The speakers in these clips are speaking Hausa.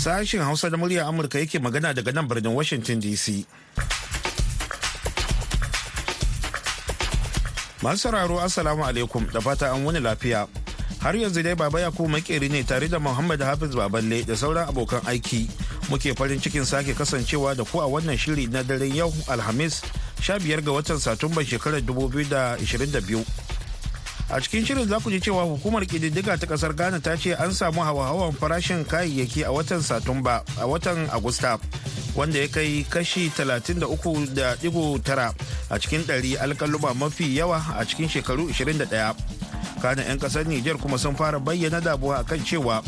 Sashen Hausa da murya Amurka yake magana daga nan birnin Washington DC. Masu sauraro Assalamu alaikum da fata an wani lafiya. Har yanzu dai Baba Yakubu makeri ne tare da Muhammad Hafiz Baballe da sauran abokan aiki. Muke farin cikin sake kasancewa da ku a wannan shiri na daren yau Alhamis 15 ga watan Satumba shekarar 2022. a cikin shirin za ku ji cewa hukumar kididdiga ta kasar ghana ta ce an samu hawa-hawan farashin kayayyaki a watan satumba a watan agusta wanda ya kai kashi 33.9 a cikin ɗari alkaluma mafi yawa a cikin shekaru 21 kana 'yan kasar niger kuma sun fara bayyana damuwa akan cewa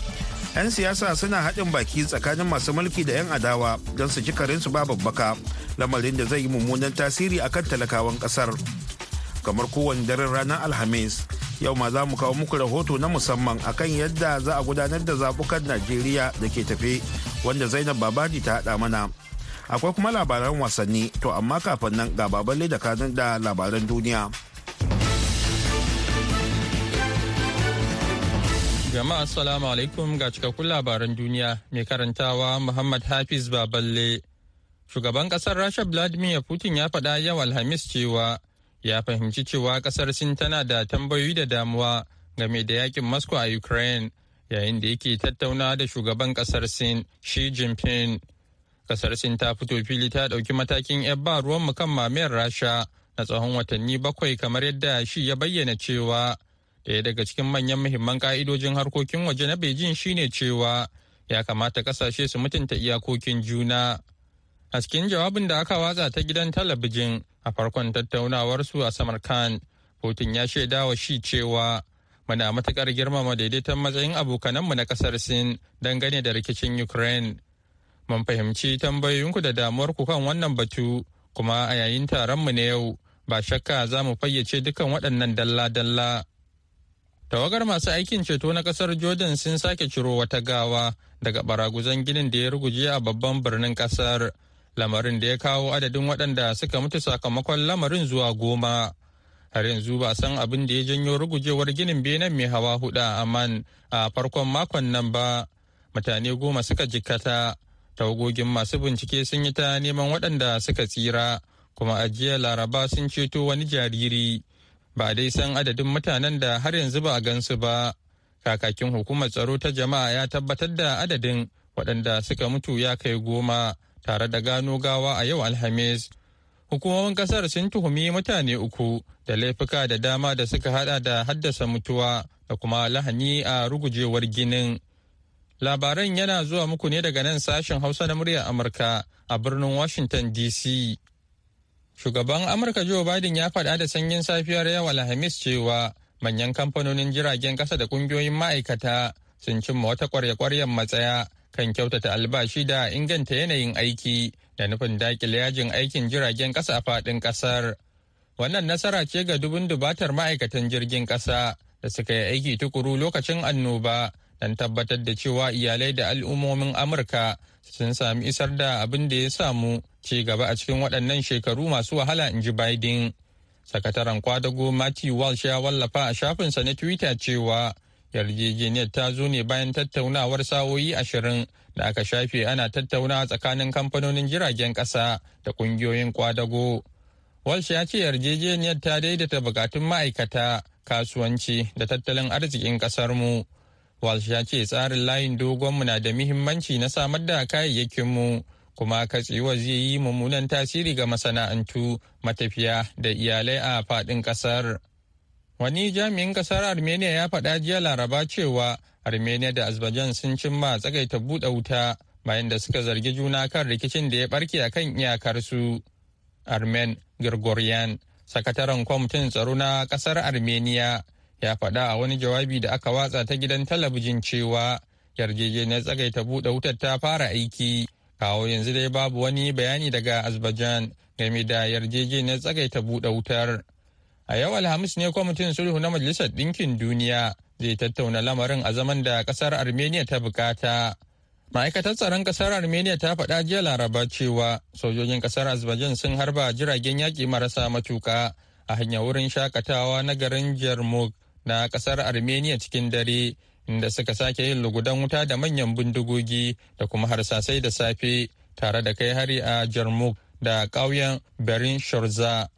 'yan siyasa suna haɗin baki tsakanin masu mulki da 'yan adawa don su ci karinsu ba babbaka lamarin da zai yi mummunan tasiri akan talakawan ƙasar. kamar kowane daren ranar alhamis yau ma za mu kawo muku rahoto na musamman akan yadda za a gudanar da zabukan najeriya da ke tafe wanda zainab babaji ta haɗa mana akwai kuma labaran wasanni to amma kafin nan ga baballe da kanin da labaran duniya jama'a assalamu alaikum ga cikakkun labaran duniya mai karantawa muhammad hafiz baballe shugaban kasar rasha vladimir putin ya faɗa yau alhamis cewa ya fahimci cewa kasar Sin tana da tambayoyi da damuwa game da yakin Moscow a Ukraine yayin da yake tattaunawa da shugaban kasar Sin Xi Jinping. Kasar Sin ta fito fili ta ɗauki matakin ba ruwan kan mamayar Rasha na tsawon watanni bakwai kamar yadda shi ya bayyana cewa Daya daga cikin manyan muhimman ka'idojin harkokin waje na Beijing shine cewa ya kamata kasashe su mutunta iyakokin juna. A cikin jawabin da aka watsa ta gidan talabijin a farkon tattaunawar su a samarkand putin ya shaida wa shi cewa muna matukar girmama daidaiton matsayin abokananmu na kasar sin dangane da rikicin ukraine mun fahimci tambayoyinku da damuwarku kan wannan batu kuma a yayin taron mu na yau ba shakka za mu fayyace dukkan waɗannan dalla-dalla tawagar masu aikin ceto na kasar jordan sun sake ciro wata gawa daga baraguzan ginin da ya ruguje a babban birnin kasar lamarin da ya kawo adadin waɗanda suka mutu sakamakon lamarin zuwa goma har yanzu ba san abin da ya janyo rugujewar ginin benin mai hawa huda a man a farkon makon nan ba mutane goma suka jikkata tawagogin masu bincike sun yi ta neman waɗanda suka tsira kuma a laraba sun ceto wani jariri ba dai san adadin mutanen da har yanzu ba a gansu ba kakakin hukumar tsaro ta jama'a ya tabbatar da adadin waɗanda suka mutu ya kai goma tare da gano gawa a yau alhamis hukumomin kasar sun tuhumi mutane uku da laifuka da dama da suka hada da haddasa mutuwa da kuma lahani a rugujewar ginin labaran yana zuwa muku ne daga nan sashen hausa na muryar amurka a birnin washington dc shugaban amurka joe biden ya faɗa da sanyin safiyar yau alhamis cewa manyan kamfanonin jiragen ƙasa da ƙungiyoyin ma'aikata sun cimma wata kwarya ƙwaryar matsaya kan kyautata albashi da inganta yanayin aiki da nufin dakile yajin aikin jiragen ƙasa a faɗin ƙasar. Wannan nasara ce ga dubun dubatar ma'aikatan jirgin ƙasa da suka yi aiki tukuru lokacin annoba don tabbatar da cewa iyalai da al'ummomin Amurka sun sami isar da abin da ya samu ci gaba a cikin waɗannan shekaru masu wahala in ji Biden. Sakataren kwadago Matthew Walsh ya wallafa a shafinsa na Twitter cewa yarjejeniyar ta zo ne bayan tattaunawar sa'o'i ashirin da aka shafe ana tattaunawa tsakanin kamfanonin jiragen kasa da kungiyoyin kwadago. Walsh ya ce yarjejeniyar ta daidaita bukatun ma'aikata, kasuwanci da tattalin arzikin mu Walsh ya ce tsarin layin dogonmu na da muhimmanci na samar da kayayyakinmu, kuma katsiwa zai yi mummunan tasiri ga masana'antu, matafiya da iyalai a faɗin ƙasar. Wani jami'in kasar Armenia ya faɗa jiya Laraba cewa Armenia da Azerbaijan sun cimma tsagaita buɗe wuta bayan da suka zargi juna kan rikicin da ya ɓarke a kan iyakarsu. Armen Gregorian, sakataren kwamitin tsaro na kasar Armenia, ya faɗa a wani jawabi da aka watsa ta gidan talabijin cewa yarjejeniyar tsagaita buɗe wutar ta fara aiki. Kawo yanzu dai babu wani bayani daga Azerbaijan game da yarjejeniyar tsagaita buɗe wutar. A yau Alhamis ne kwamitin sulhu na Majalisar Ɗinkin Duniya zai tattauna lamarin a zaman da ƙasar Armenia ta bukata. Ma'aikatar tsaron ƙasar Armenia ta faɗa jiya Laraba cewa sojojin ƙasar Azerbaijan sun harba jiragen yaƙi marasa matuƙa a hanyar wurin shakatawa na garin jermuk na ƙasar Armenia cikin dare inda suka sake yin lugudan wuta da manyan bindigogi da kuma harsasai da safe tare da kai hari a jermuk da ƙauyen Berin Shorza.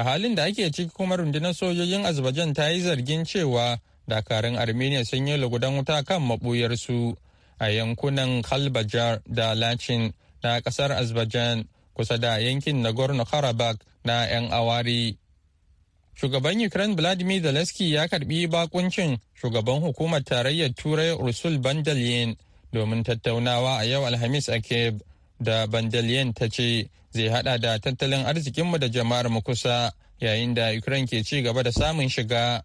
a halin da ake ciki kuma rundunar sojojin azerbaijan ta yi zargin cewa dakarun armenia sun yi lugudan wuta kan mabuyarsu a yankunan kalbajar da lachin na ƙasar azerbaijan kusa da yankin nagorno-karabakh na 'yan awari shugaban ukraine vladimir zelensky ya karbi bakuncin shugaban hukumar tarayyar turai ursul bandalin domin tattaunawa a yau alhamis a kebe da bandaliyan ta ce zai hada da tattalin arzikinmu da jama'ar mu kusa yayin da ukraine ke ci gaba da samun shiga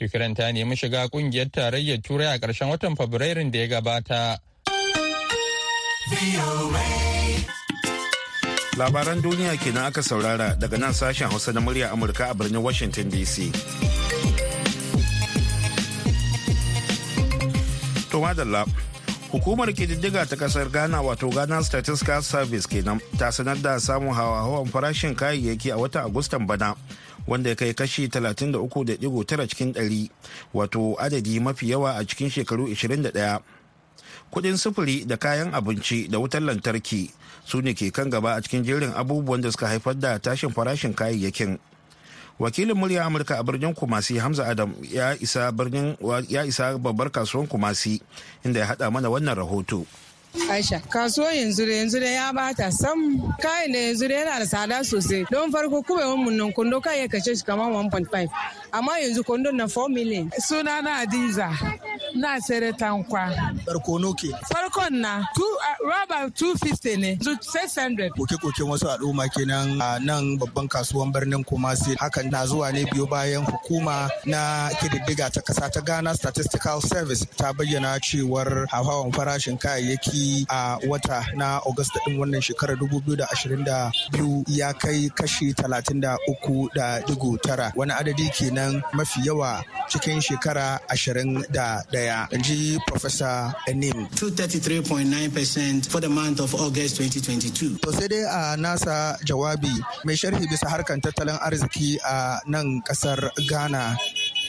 ukraine ta nemi shiga kungiyar tarayyar turai a ƙarshen watan fabrairun da ya gabata labaran duniya kenan aka saurara daga nan sashen hausa na murya amurka a birnin washington dc to madalla hukumar kididdiga ta kasar ghana wato ghana statistical service kenan ta sanar da samun hawa-hawan farashin kayayyaki a watan agustan bana wanda ya kai kashi 33.9 cikin 100 wato adadi mafi yawa a cikin shekaru 21 kudin sufuri da kayan abinci da wutar lantarki su ne ke kan gaba a cikin jerin abubuwan da suka haifar da tashin farashin kayayyakin wakilin murya amurka a birnin kumasi hamza adam ya isa birnin ya isa babbar kasuwan kumasi inda ya hada mana wannan rahoto Aisha, kasuwar yanzu da yanzu da ya bata sam kayan da yanzu da yana da tsada sosai don farko kuma yawan mun kundo kai ya kace shi kamar 1.5 amma yanzu kundon na 4 million. Suna na Adiza, na sere tankwa Farko ke farkon na uh, roba 250 ne 600 koke-koken wasu al'umma kenan a nan babban kasuwan birnin kumasi hakan na zuwa ne biyo bayan hukuma na kididdiga ta kasa ta ghana statistical service ta bayyana cewar hawan farashin kayayyaki a wata na august din wannan shekarar 2022 ya kai kashi 33.9 wani adadi kenan mafi yawa cikin shekara da. daya ji professor enim 233.9% for the month of august 2022 to sai dai a nasa jawabi mai sharhi bisa harkan tattalin arziki a nan kasar ghana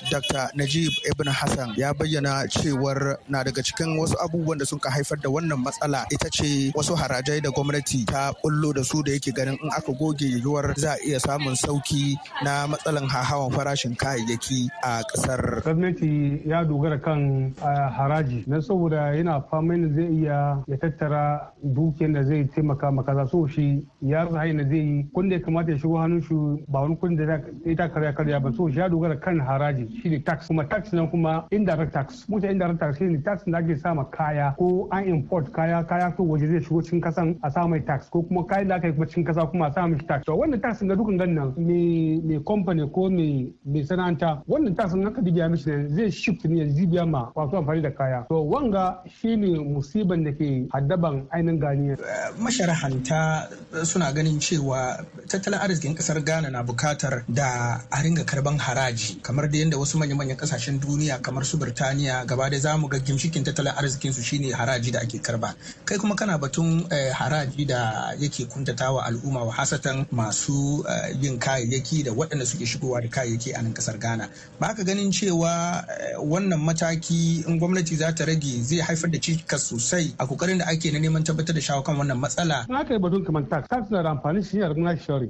Dr. Najib Ibn Hassan ya bayyana cewar na daga cikin wasu abubuwan da suka haifar da wannan matsala ita ce wasu harajai da gwamnati ta bullo da su da yake ganin in aka goge yiwuwar za a iya samun sauki na matsalan hahawan farashin kayayyaki a kasar. Gwamnati ya dogara kan haraji na saboda yana famin zai iya ya tattara dukiyar da zai taimaka maka za so shi ya rasa na zai yi kunda ya kamata ya shigo hannun shi ba wani kunda ya ta karya karya ba so shi ya dogara kan haraji shine tax kuma tax nan kuma indirect tax mutu indirect tax shine tax da ake sama kaya ko an import kaya kaya ko waje zai shigo cikin kasan a sa mai tax ko kuma kayan da aka yi kuma cikin kasa kuma a sa mai tax to wannan tax ga dukan gannan me me company ko me me sana'anta wannan tax nan ka dibiya mishi zai shift ne zai biya ma wato amfani da kaya to wanga shine musiban da ke haddaban ainihin ganiya masharahanta suna ganin cewa tattalin arzikin kasar Ghana na bukatar da a ringa karban haraji kamar da yadda wasu manya-manyan kasashen duniya kamar su Birtaniya gaba da za mu ga gimshikin tattalin arzikin su shine haraji da ake karba. Kai kuma kana batun eh, haraji da yake wa al'umma wa hasatan masu eh, yin kayayyaki da waɗanda suke shigowa da kayayyaki a nan kasar Ghana. Ba ka ganin cewa eh, wannan mataki in gwamnati za ta rage zai haifar da cikas sosai a kokarin da ake na neman tabbatar da shawo kan wannan matsala. Na kai batun kamar tax, tax na da amfani shi ne a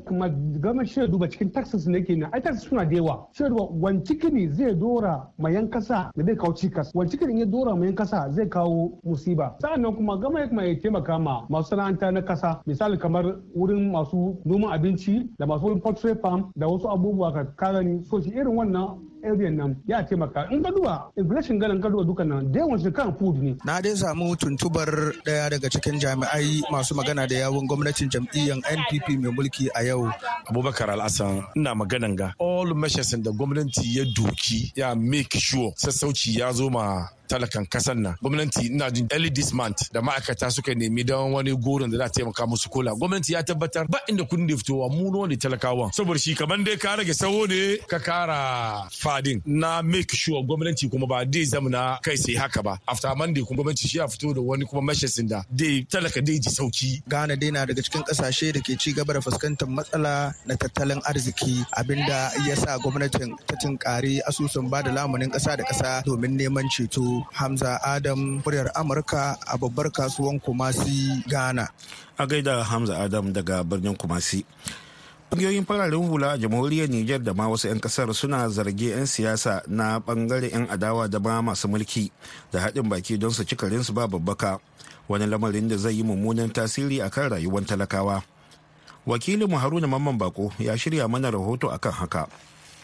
kuma gwamnati shi duba cikin taxes ne ke na ai taxes suna da yawa. Shi duba wani ne zai dora mayan kasa da zai kawo cikas wani cikin ya dora mayan kasa zai kawo musiba sa'annan kuma gama kuma ya taimaka ma Masu masana'anta na kasa misali kamar wurin masu noman abinci da masu wurin poultry farm da wasu abubuwa ka ni so shi irin wannan area nan ya taimaka in ka duba inflation ganin ka duba dukan nan da yawan kan food ne na dai samu tuntubar daya daga cikin jami'ai masu magana da yawun gwamnatin jam'iyyar NPP mai mulki a yau Abubakar Alhassan ina maganan ga all measures da gwamnati ya du doki ya make sure sassauci ya zo ma talakan kasar nan gwamnati ina jin early this month da ma'aikata suka nemi don wani goron da za ta taimaka musu kola gwamnati ya tabbatar ba inda kudin da fitowa mu ne talakawan saboda shi kamar dai ka rage sawo ne ka kara fadin na make sure gwamnati kuma ba dai na kai sai haka ba after monday kuma gwamnati shi ya fito da wani kuma mashasin da dai talaka dai ji sauki Gana dai na daga cikin kasashe da ke ci gaba da fuskantar matsala na tattalin arziki abinda ya sa gwamnatin ta tinkari asusun ba da lamunin kasa da kasa domin neman ceto Hamza Adam, muryar Amurka a babbar kasuwan Kumasi, Ghana. A gaida Hamza Adam daga birnin Kumasi. Ƙungiyoyin fararen hula a jamhuriyar Nijar da ma wasu 'yan kasar suna zarge 'yan siyasa na bangare 'yan adawa da ma masu mulki da haɗin baki don su cikarinsu ba babbaka wani lamarin da zai yi mummunan tasiri a kan rayuwar talakawa. Wakilinmu Haruna Mamman Bako ya shirya mana rahoto akan haka.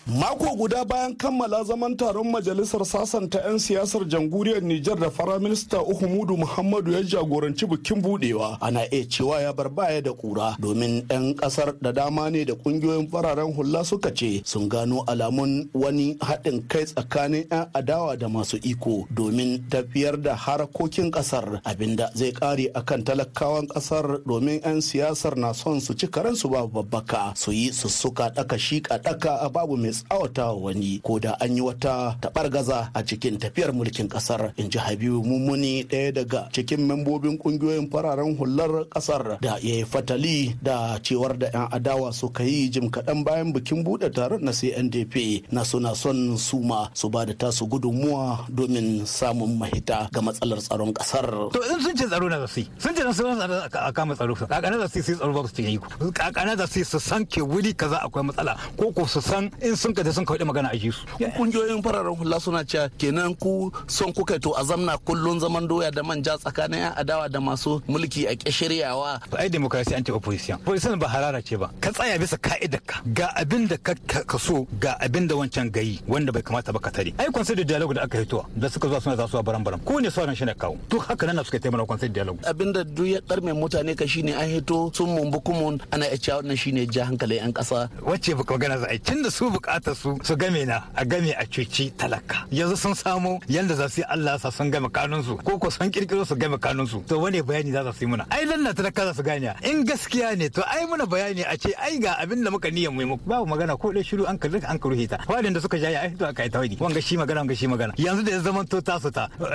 Mako guda bayan kammala zaman taron majalisar sasanta 'yan siyasar jamhuriyar Nijar da Firaminista Uhumudu Muhammadu ya jagoranci bikin budewa ana iya cewa ya bar baya da kura domin 'yan kasar da dama ne da kungiyoyin fararen hula suka ce sun gano alamun wani haɗin kai tsakanin 'yan adawa da masu iko domin tafiyar da harakokin kasar abinda zai kare akan talakawan kasar domin 'yan siyasar na son su ci karensu babu babbaka su yi sussuka ɗaka shi ɗaka a babu mai tsawata wa wani ko da an yi wata gaza a cikin tafiyar mulkin ƙasar in ji habibu mummuni ɗaya daga cikin membobin ƙungiyoyin fararen hular ƙasar da ya yi fatali da cewar da 'yan adawa suka yi jim kaɗan bayan bikin buɗe taron na cndp na suna son suma su ba da tasu gudunmuwa domin samun mahita ga matsalar tsaron ƙasar. to in sun ce tsaro na zasu sun ce sun a kama tsaro kakana zasu su tsaro ba su yi kakana zasu su san ke wuri kaza akwai matsala ko ko su san in sun ka sun kawai magana a su. kungiyoyin fararen hula suna cewa kenan ku son kuka to a zamna kullun zaman doya da manja tsakanin yan adawa da masu mulki a Ba ai demokarasi anti opposition opposition ba harara ce ba ka tsaya bisa ka'idar ka ga abin da ka so ga abin da wancan gayi wanda bai kamata ba ka tare ai consider dialogue da aka hitowa da suka zuwa suna za su baran baran ko ne sauran shi ne kawo to haka nan suka taimaka consider dialogue abin da duk ya karme mutane ka shine an hito sun mumbu kumun ana iya cewa wannan shine ja hankali yan kasa wacce baka magana za a yi tunda su baka bukata su su game na a game a ceci talaka yanzu sun samu yanda za su yi Allah sa sun game kanun su ko ko sun kirkiro su game kanun su to wane bayani za su yi muna ai nan talaka za su gane in gaskiya ne to ai muna bayani a ce ai ga abin da muka niyan mu muku babu magana ko dai shiru an kalli an karuhe ta wadin da suka jaya ai to aka yi tawadi wanga shi magana wanga shi magana yanzu da ya zama to ta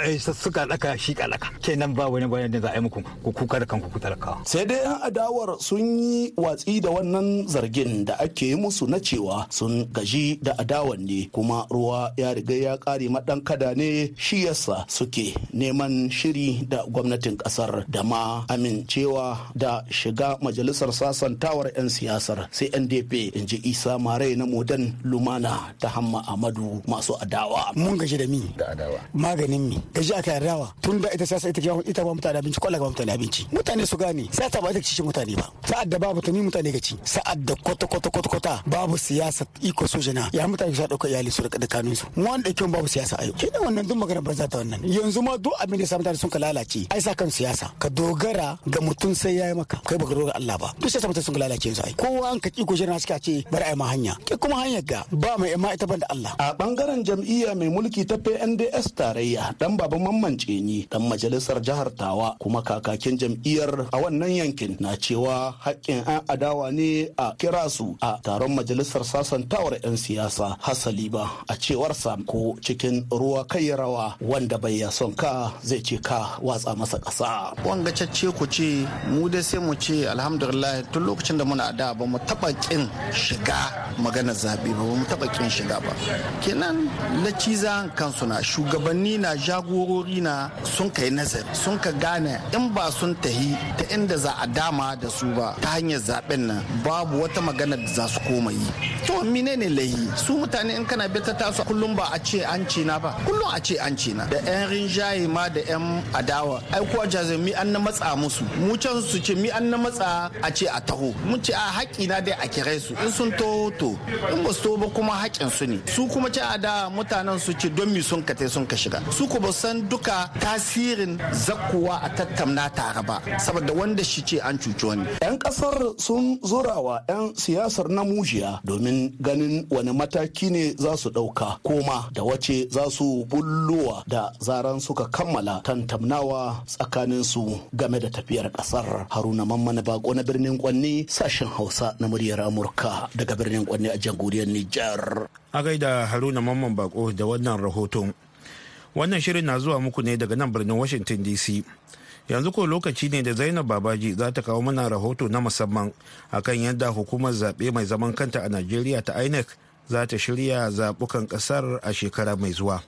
eh, su ta suka daka shi kalaka kenan ba wani bayani za a yi muku ku kuka da kanku ku talaka sai dai adawar sun yi watsi da wannan zargin da ake yi musu na cewa sun ga kaji da adawan ne kuma ruwa ya riga ya kare madan kada ne shi yasa suke neman shiri da gwamnatin ƙasar da ma amincewa da shiga majalisar sasantawar 'yan siyasar sai ndp in ji isa mare na modan lumana ta hamma amadu masu adawa mun gaji da mi da adawa maganin mi gaji aka adawa tun da ita siyasa ita ke ita ba mutane abinci kwallon ba mutane abinci mutane su gane sai ta ba ita ci mutane ba sa'ad da babu tuni mutane gaci sa'ad da kwata kwata kwata babu siyasa iko sojana ya mutane su ɗauka iyali su rika da kanun su mu wanda kyan babu siyasa ayo ne wannan duk magana banza ta wannan yanzu ma duk abin da samu sun ka lalace ai sa kan siyasa ka dogara ga mutum sai yi maka kai baka dogara Allah ba duk sai mutane sun ka lalace yanzu ai kowa an ka ki ko jana suka ce bari ai ma hanya ke kuma hanyar ga ba mai ma ita da Allah a bangaren jam'iyya mai mulki ta PNDS tarayya dan baba mamman ni dan majalisar jihar Tawa kuma kakakin jam'iyyar a wannan yankin na cewa haƙƙin 'yan adawa ne a kira su a taron majalisar sasantawar 'yan siyasa hasali ba a cewar sa ko cikin ruwa kai rawa wanda bai ya son ka zai ce ka watsa masa ƙasa. wanga cacce ku ce mu dai sai mu ce alhamdulillah tun lokacin da muna da ba mu taɓa ƙin shiga magana zaɓe ba mu taɓa ƙin shiga ba kenan laciza kansu na shugabanni na jagorori na sun kai nazari sun ka gane in ba sun tahi ta inda za a dama da su ba ta hanyar zaɓen nan babu wata magana da za su koma yi to menene lahi su mutane in kana bita tasu kullum ba a ce an ci na ba kullum a ce an ci na da yan rinjaye ma da yan adawa ai kuwa jazin mi an na matsa musu mu can su ce mi an na matsa a ce a taho mun ce a haƙi na dai a kire su in sun taho to in ba su ba kuma haƙin su ne su kuma ce a da mutanen su ce don mi sun ka sun ka shiga su ku ba san duka tasirin zakkuwa a tattamna tare ba saboda wanda shi ce an cuci wani yan kasar sun zurawa yan siyasar na mujiya domin ganin wani mataki ne za su ɗauka koma da wace za su bullowa da zaran suka kammala tantamnawa tsakanin su game da tafiyar ƙasar haruna mamman bako na birnin kwanni sashen hausa na muryar amurka daga birnin kwanni a jamhuriyar nijar a gaida haruna mamman bako da wannan rahoton wannan shirin na zuwa muku ne daga nan birnin washington dc yanzu ko lokaci ne da zainab babaji za ta kawo mana rahoto na musamman akan yadda hukumar zaɓe mai zaman kanta a najeriya ta inec za ta shirya zaɓukan ƙasar a shekara mai zuwa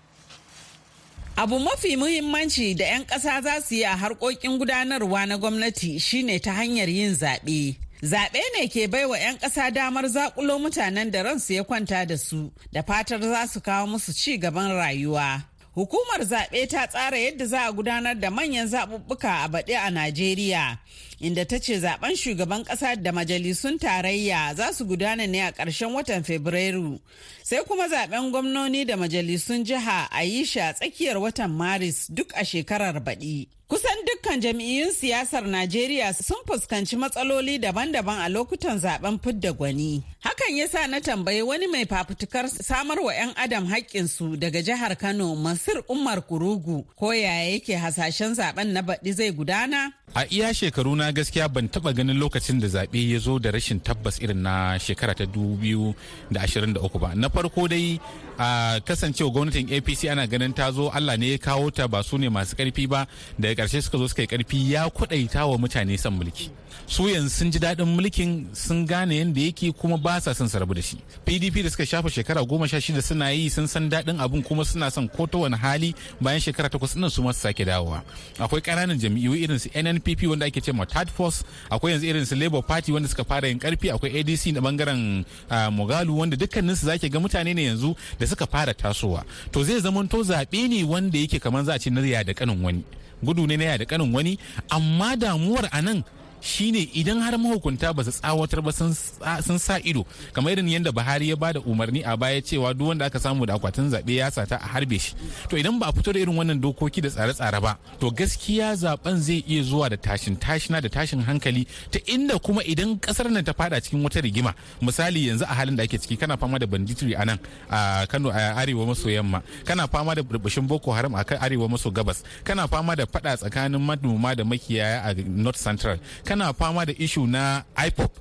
Abu mafi muhimmanci da 'yan ƙasa za su yi a harkokin gudanarwa na gwamnati shine ta hanyar yin zaɓe. Zaɓe ne ke bai wa 'yan ƙasa damar zaƙulo mutanen da ransu ya kwanta da su, da fatar za su kawo musu ci gaban rayuwa. hukumar zaɓe ta tsara yadda za a gudanar da manyan zaɓuɓɓuka a baɗi a Najeriya, inda ta ce zaɓen shugaban ƙasa da majalisun tarayya za su gudana ne a ƙarshen watan Fabrairu, sai kuma zaɓen gwamnoni da majalisun jiha a yi shi a tsakiyar watan Maris duk a shekarar baɗi. Kusan dukkan jam'iyyun siyasar Najeriya sun fuskanci matsaloli daban-daban a lokutan zaben fidda gwani. Hakan ya sa na tambayi wani mai fafutukar samar wa 'yan adam su daga jihar Kano Masir Umar Kurugu ko yaya yake hasashen zaben na baɗi zai gudana? A iya shekaru na gaskiya ban taɓa ganin lokacin da zaɓe ya zo da rashin tabbas irin na shekara ta uku ba. Na farko dai a kasancewa gwamnatin APC ana ganin ta zo Allah ne ya kawo ta ba su ne masu ƙarfi ba da daga karshe suka zo suka yi karfi ya kwaɗaita wa mutane son mulki su yanzu sun ji daɗin mulkin sun gane yadda yake kuma ba sa son rabu da shi pdp da suka shafa shekara goma sha shida suna yi sun san daɗin abun kuma suna son ko ta wani hali bayan shekara takwas ɗin su masu sake dawowa akwai ƙananan jam'iyyu irin su nnpp wanda ake ce ma tad force akwai yanzu irin su labour party wanda suka fara yin karfi akwai adc na bangaren mogalu wanda dukkanin su zake ga mutane ne yanzu da suka fara tasowa to zai zamanto zaɓe ne wanda yake kamar za a ce na da kanin wani gudu ne na da kanin wani amma damuwar a nan shine idan har mahukunta ba su tsawatar ba sun sa ido kamar irin yadda buhari ya bada umarni a baya cewa duk wanda aka samu da akwatin zaɓe ya sata a harbe shi to idan ba a fito da irin wannan dokoki da tsare-tsare ba to gaskiya zaben zai iya zuwa da tashin tashina da tashin hankali ta inda kuma idan kasar nan ta fada cikin wata rigima misali yanzu a halin da ake ciki kana fama da banditiri a nan a kano a arewa maso yamma kana fama da burbushin boko haram a arewa maso gabas kana fama da fada tsakanin manoma da makiyaya a north central kana fama da ishu na ipop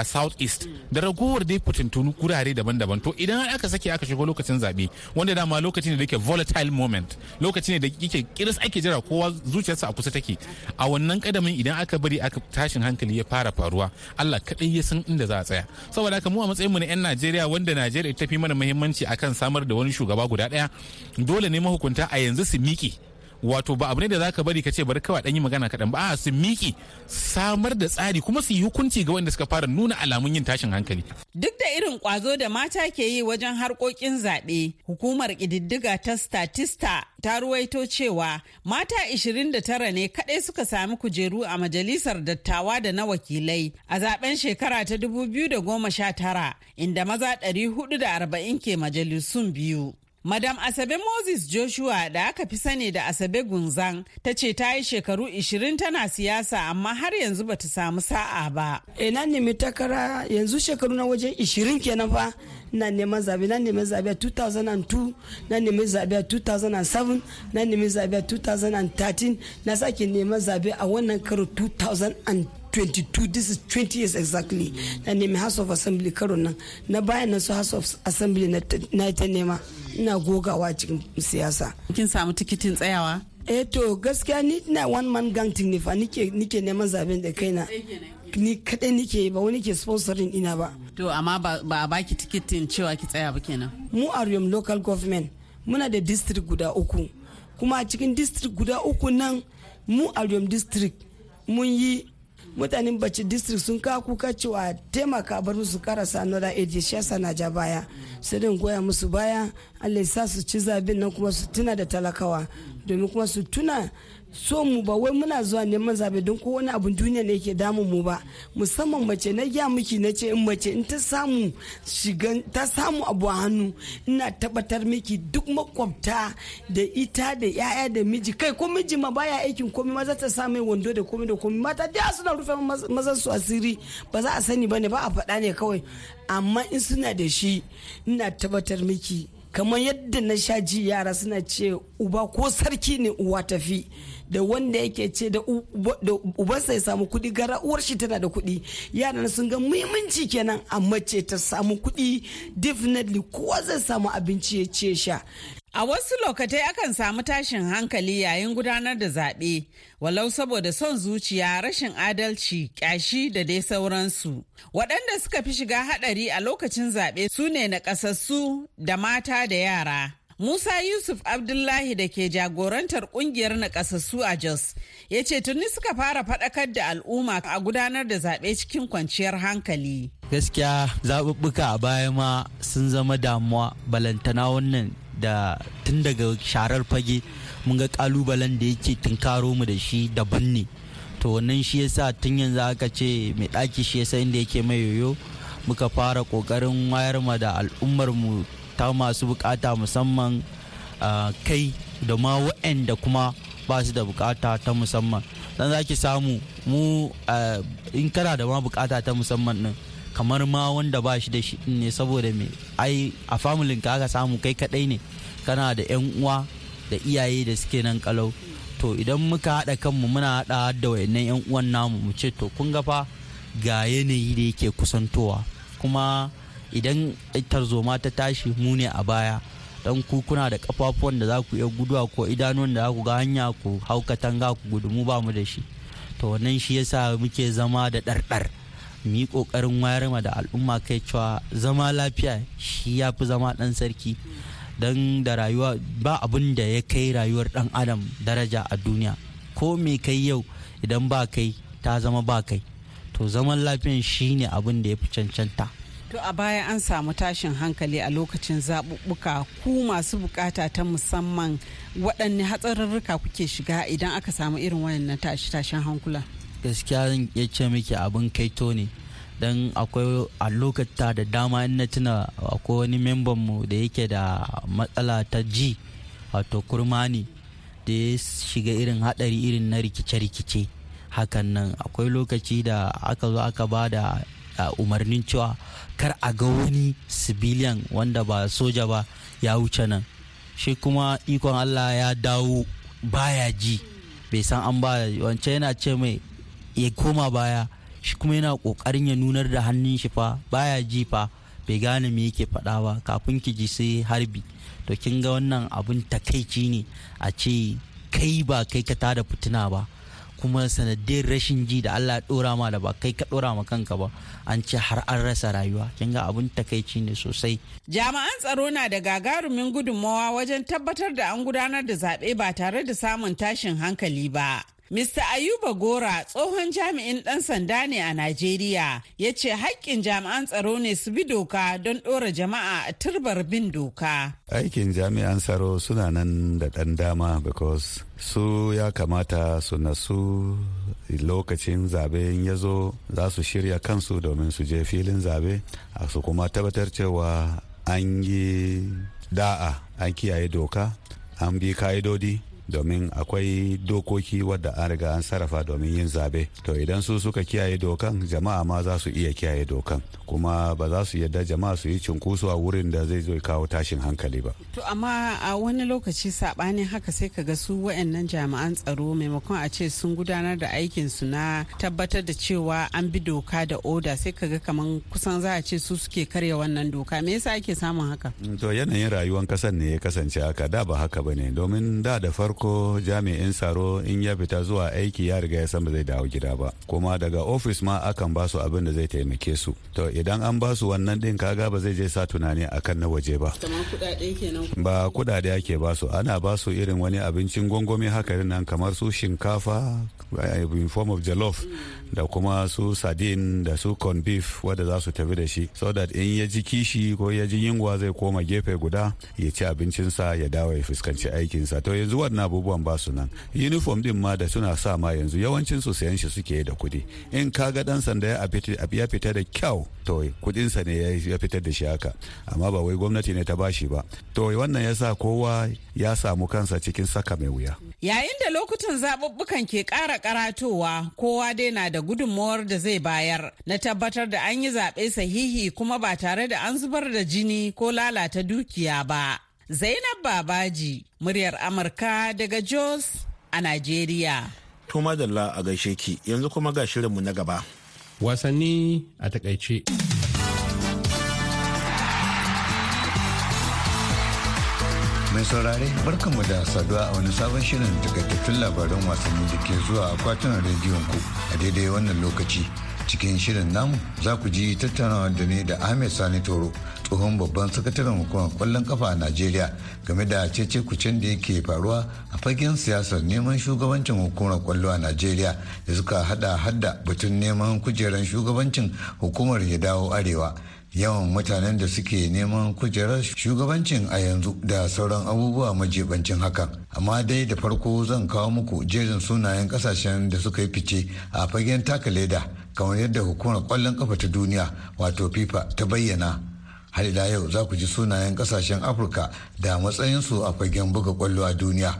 a south east da ragowar dai fitintunu gurare daban-daban to idan aka sake aka shigo lokacin zaɓe wanda dama lokaci ne da yake volatile moment lokaci ne da yake kiris ake jira kowa zuciyarsa a kusa take a wannan kadamin idan aka bari aka tashin hankali ya fara faruwa Allah kaɗai ya san inda za a tsaya saboda haka mu a matsayin na 'yan Najeriya wanda Najeriya ta fi mana muhimmanci akan samar da wani shugaba guda ɗaya dole ne mahukunta a yanzu su miƙe wato ba abu ne da zaka bari ka ce bari kawai dan yi magana kaɗan ba a su miki samar da tsari kuma su yi hukunci ga wanda suka fara nuna alamun yin tashin hankali duk da irin kwazo da mata ke yi wajen harkokin zaɓe hukumar ƙididdiga ta statista ta ruwaito cewa mata 29 ne kaɗai suka sami kujeru a majalisar dattawa da na wakilai a zaben shekara ta 2019 inda maza 440 ke majalisun biyu Madam Asabe Moses Joshua da aka fi sani da Asabe Gunzan ta ce ta yi shekaru 20 tana siyasa amma har yanzu bata samu sa'a ba. E na nemi takara yanzu shekaru na waje 20 kenan fa na neman zabe na neman zabe 2002 na neman zabe 2007 na neman zabe 2013 na sake neman zabe a wannan karo 2000 22 this is 20 years exactly na nemi house of assembly karo nan na bayan nan su house of assembly na ta nema ina gogawa cikin siyasa kin samu tikitin tsayawa eh to gaskiya ni na one man gang thing ne fa nike nike neman zaben da kaina ni kadai nike ba wani ke sponsorin ina ba to amma ba a baki tikitin cewa ki tsaya ba kenan mu a local government muna da district guda uku kuma cikin district guda uku nan mu a district mun yi mutanen bacci district sun kawo kuka cewa taimaka bar musu karasa na AD shi yasa na ja baya sai dan goya musu baya Allah ya sa su ci zabin nan kuma su tuna da talakawa domin kuma su tuna so mu ba wai muna zuwa neman zabe don ko wani abin duniya ne yake damun mu ba musamman mace na gya miki na ce in mace in ta samu shigan ta samu abu a hannu ina tabbatar miki duk makwabta da ita da yaya da miji kai ko miji ma baya aikin komai ma za ta sa wando da komai da komai mata da suna rufe mazan su asiri ba za a sani ne ba a faɗa ne kawai amma in suna da shi ina tabbatar miki kamar yadda na sha ji yara suna ce uba ko sarki ne uwa tafi da wanda yake ce da ubansa ya samu kuɗi gara uwar shi tana da kuɗi yaran sun ga muhimmanci kenan a mace ta samu kuɗi definitely kowa zai samu abinci ya ce sha A wasu lokatai akan samu tashin hankali yayin gudanar da zaɓe, walau saboda son zuciya, rashin adalci, ƙyashi da dai sauransu. Waɗanda suka fi shiga haɗari a lokacin zaɓe su ne na ƙasassu da mata da yara. Musa Yusuf Abdullahi da ke jagorantar kungiyar nakasassu a Jos ya ce tuni suka fara faɗakar da al'umma a gudanar da zaɓe cikin kwanciyar hankali. Gaskiya zaɓuɓɓuka a baya ma sun zama damuwa balantana wannan da tun daga sharar fage mun ga ƙalubalen da yake tunkaro mu da shi daban ne. To wannan shi yasa tun yanzu aka ce mai ɗaki shi yasa inda yake mai yoyo muka fara ƙoƙarin wayar ma da al'ummar mu ta masu bukata musamman kai da ma waɗanda kuma ba su da bukata ta musamman dan za ki samu mu in kana da ma bukata ta musamman din kamar ma wanda ba shi da shi ne saboda me ai a familin ka aka samu kai kadai ne kana da yan uwa da iyaye da suke nan kalau to idan muka haɗa kanmu muna haɗa da wayannan yan uwan namu mu ce to kun ga fa ga yanayi da yake kusantowa kuma idan tarzoma ta tashi mune a baya dan kuna da kafafuwan da za ku iya guduwa ko idanun da za ku ga hanya ku hau katanga ku gudu mu ba mu da shi to wannan shi yasa muke zama da ɗarɗar mu yi ƙoƙarin wayar ma da al'umma kai cewa zama lafiya shi ya fi zama ɗan sarki don da rayuwa ba abin da ya kai rayuwar ɗan adam daraja a duniya ko me kai yau idan ba kai ta zama ba kai to zaman lafiyan shi ne abin da ya fi cancanta To a baya an samu tashin hankali a lokacin zaɓuɓɓuka ku masu bukata ta musamman waɗanne hatsarurruka kuke shiga idan aka samu irin wannan tashi-tashin hankula. Gaskiya zan iya ce miki abin kaito ne don akwai a lokata da dama in na tuna akwai wani memban mu da yake da matsala ta ji wato kurmani da ya shiga irin hadari irin na rikice-rikice. hakan nan akwai lokaci da aka zo aka ba da umarnin cewa kar a ga wani sibiliyan wanda ba soja ba ya wuce nan shi kuma ikon allah ya dawo baya ji bai san an ba wance yana ce mai ya koma baya shi kuma yana kokarin ya nunar da hannun shi fa baya ji fa bai gane me yake faɗa ba kafin ki ji sai harbi to kin ga wannan abun takaici ne a ce kai ba kai ka tada fitina ba kuma sanadin rashin ji da Allah dora ma da ba kai ka dora ma kanka ba an ce har an rasa rayuwa kin ga abun takaici ne sosai jami'an tsaro na da gagarumin gudunmawa wajen tabbatar da an gudanar da zaɓe ba tare da samun tashin hankali ba Mr. Ayuba Gora tsohon jami'in ɗan sanda ne a Najeriya ya ce haƙƙin jami'an tsaro ne su bi doka don ɗora jama'a a turbar bin doka. Aikin jami'an tsaro suna nan da ɗan dama because su ya kamata su nasu lokacin zabe ya zo za su shirya kansu domin su je filin zabe a su kuma tabbatar cewa an yi da'a an kiyaye doka an bi ka'idodi domin akwai dokoki wadda an riga an sarrafa domin yin zabe to idan su suka kiyaye dokan jama'a ma za su iya kiyaye dokan kuma ba za su yadda jama'a su yi cunkoso a wurin da zai zo kawo tashin hankali ba. To amma a wani lokaci saɓanin haka sai ka ga su wayannan jami'an tsaro maimakon a ce sun gudanar da aikin su na tabbatar da cewa an bi doka da oda sai ka ga kaman kusan za a ce su suke karya wannan doka me yasa ake samun haka? Mm, to yanayin rayuwar kasan ne ya kasance haka da ba haka bane domin da da farko jami'in tsaro in ya fita zuwa aiki ya riga ya san ba zai dawo gida ba kuma daga ofis ma akan ba su abin da zai taimake su. idan an ba su wannan din kaga ba zai je sa tunani akan na waje ba ba kudade ake ba su ana ba su irin wani abincin gwangwami haka nan kamar su shinkafa eh, in form of jollof mm. da kuma su sardine da su corn beef wadda za su tafi da shi so that in ya ji kishi ko ya ji yingwa zai koma gefe guda ya ci abincinsa ya dawo ya fuskanci aikinsa to yanzu wannan abubuwan ba su nan uniform din ma da suna sa ma yanzu yawancin su sayan shi suke da kuɗi in ka ga dan sanda ya fita da kyau to kuɗinsa ne ya fitar da shi haka amma ba wai gwamnati ne ta bashi ba to wannan ya sa kowa ya samu kansa cikin saka mai wuya yayin da lokutan zaɓuɓɓukan ke ƙara karatowa kowa dai na da gudunmuwar da zai bayar na tabbatar da an yi zaɓe sahihi kuma ba tare da an zubar da jini ko lalata dukiya ba. Zainab Babaji, muryar Amurka daga Jos a Najeriya. Tuma Dalla a gaishe ki yanzu kuma ga shirinmu na gaba. Wasanni a takaice. mai saurare barkanmu da saduwa a wani sabon shirin takaitattun labaran wasanni da ke zuwa a akwatunan rediyon ku a daidai wannan lokaci cikin shirin namu za ku ji tattaunawa da ne da ahmed sani toro tsohon babban sakataren hukumar kwallon kafa a najeriya game da cece kucin da yake faruwa a fagen siyasar neman shugabancin hukumar kwallo a najeriya da suka hada hadda batun neman kujerar shugabancin hukumar ya dawo arewa yawan mutanen da suke neman kujerar shugabancin a yanzu da sauran abubuwa majibancin hakan amma dai da farko zan kawo muku jerin sunayen kasashen da suka yi fice a fagen taka leda kamar yadda hukumar kwallon kafa ta duniya wato fifa ta bayyana har ila yau za ku ji sunayen kasashen afirka da matsayinsu a fagen buga kwallo a duniya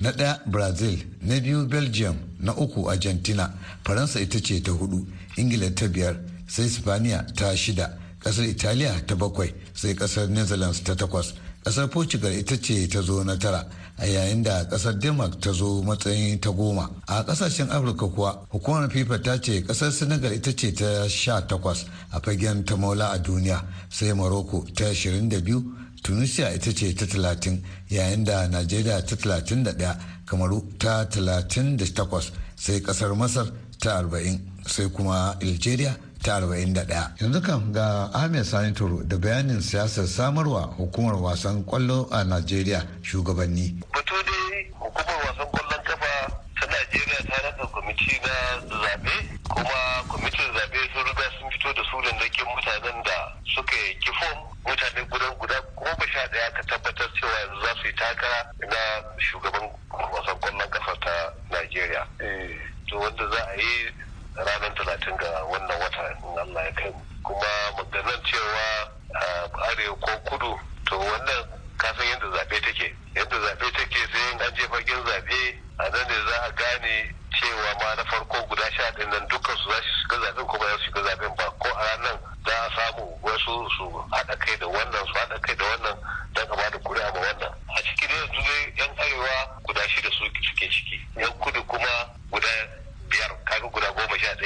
na ɗaya brazil na biyu belgium na uku argentina faransa ita ce ta hudu ingila ta biyar sai spaniya ta shida kasar italiya ta bakwai sai kasar netherlands ta takwas kasar portugal ita ce ta zo na tara a yayin da kasar denmark ta zo matsayin ta goma a kasashen afirka kuwa hukumar fifa ta ce kasar senegal ita ce ta sha takwas a fagen ta maula a duniya sai morocco ta ashirin da biyu tunisia ita ce ta talatin yayin da najeriya ta talatin da daya kamaru ta talatin da takwas sai kasar masar ta arba'in sai kuma algeria ta 41 yanzu kam ga ahmed sani toro da bayanin siyasar samarwa hukumar wasan kwallo a najeriya shugabanni batu dai hukumar wasan kwallon kafa ta najeriya ta rasa kwamiti na zaɓe kuma kwamitin zaɓe sun riga sun fito da sunan da mutanen da suka yi fom mutane guda guda goma sha ɗaya ka tabbatar cewa yanzu za su yi takara na shugaban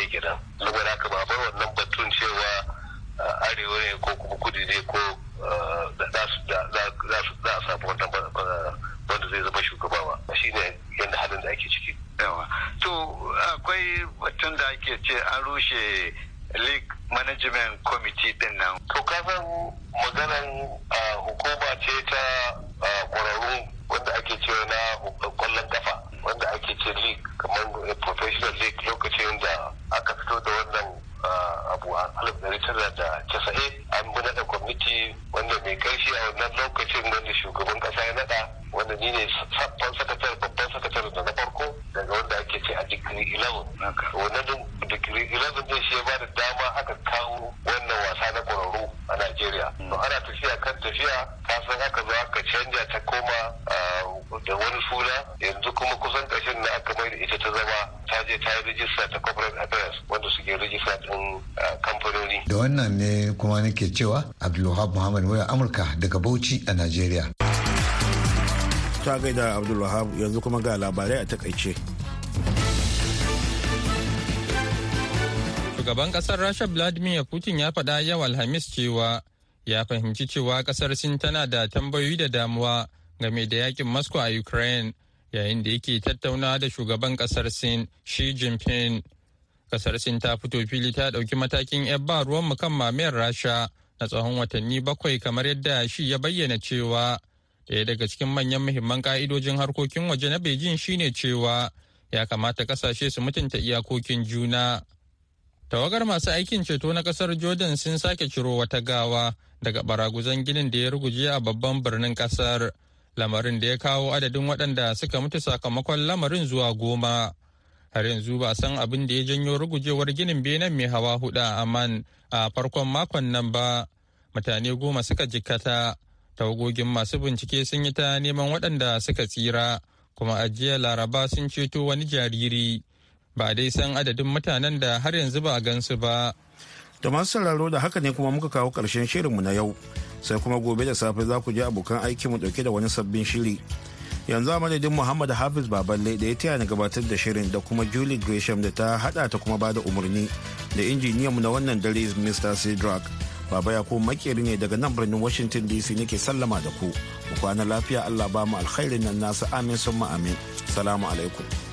ne kenan saboda haka ba bar wannan batun cewa arewa ne ko kuma kudu ne ko za a samu wannan wanda zai zama shugaba ba shi ne yadda halin da ake ciki yawa to akwai batun da ake ce an rushe league management committee din nan to san maganan hukuma ce ta kwararru wanda ake ce na kwallon kafa wanda ake ce league kamar professional league lokacin da aka fito da wannan ah, abu a alif dari tara da casa'in an bi naɗa kwamiti wanda mai karfi a wannan lokacin wanda shugaban ƙasa ya naɗa wanda ni ne sabon sakatar babban sakatar da na farko daga wanda ake ce a digiri 11 wannan digiri 11 din shi ya ba da dama aka kawo wannan wasa na kwararru a najeriya hmm. to ana tafiya kan tafiya kasan aka zo aka canja ta koma ah, da wani suna yanzu kuma kusan lokacin da aka mai da ita ta zama ta je ta yi rijista ta corporate address wanda suke rijista ɗin kamfanoni. Da wannan ne kuma nake cewa Abdulwahab Muhammad waya Amurka daga Bauchi a Najeriya. Ta gaida Abdulwahab yanzu kuma ga labarai a takaice. Shugaban kasar Rasha Vladimir Putin ya faɗa yau Alhamis cewa ya fahimci cewa kasar Sin tana da tambayoyi da damuwa game da yakin Moscow a Ukraine yayin da yake tattauna da shugaban kasar sin shi jinping kasar sin ta fito fili ta dauki matakin yan ba ruwan mu kan mamayar rasha na tsawon watanni bakwai kamar yadda shi ya bayyana cewa daya daga cikin manyan muhimman ka'idojin harkokin waje na beijing shine cewa ya kamata kasashe su mutunta iyakokin juna tawagar masu aikin ceto na kasar jordan sun sake ciro wata gawa daga baraguzan ginin da ya ruguje a babban birnin kasar lamarin da ya kawo adadin waɗanda suka mutu sakamakon lamarin zuwa goma har yanzu ba san abin da ya janyo rugujewar ginin benin mai hawa huda a man a farkon makon nan ba mutane goma suka jikkata tawagogin masu bincike sun yi ta neman waɗanda suka tsira kuma ajiya laraba sun ceto wani jariri ba dai san adadin mutanen da har yanzu ba a gansu ba da masu sauraro da haka ne kuma muka kawo ƙarshen shirinmu na yau sai kuma gobe da safe za ku je abokan aiki mu dauke da wani sabbin shiri yanzu a madadin muhammad hafiz baballe da ya taya ni gabatar da shirin da kuma julie gresham da ta hada ta kuma bada umarni da injiniyanmu na wannan dare mr cedric baba ya ko makeri ne daga nan birnin washington dc nake sallama da ku mu kwana lafiya allah ba mu alkhairin nan nasu amin sun amin salamu alaikum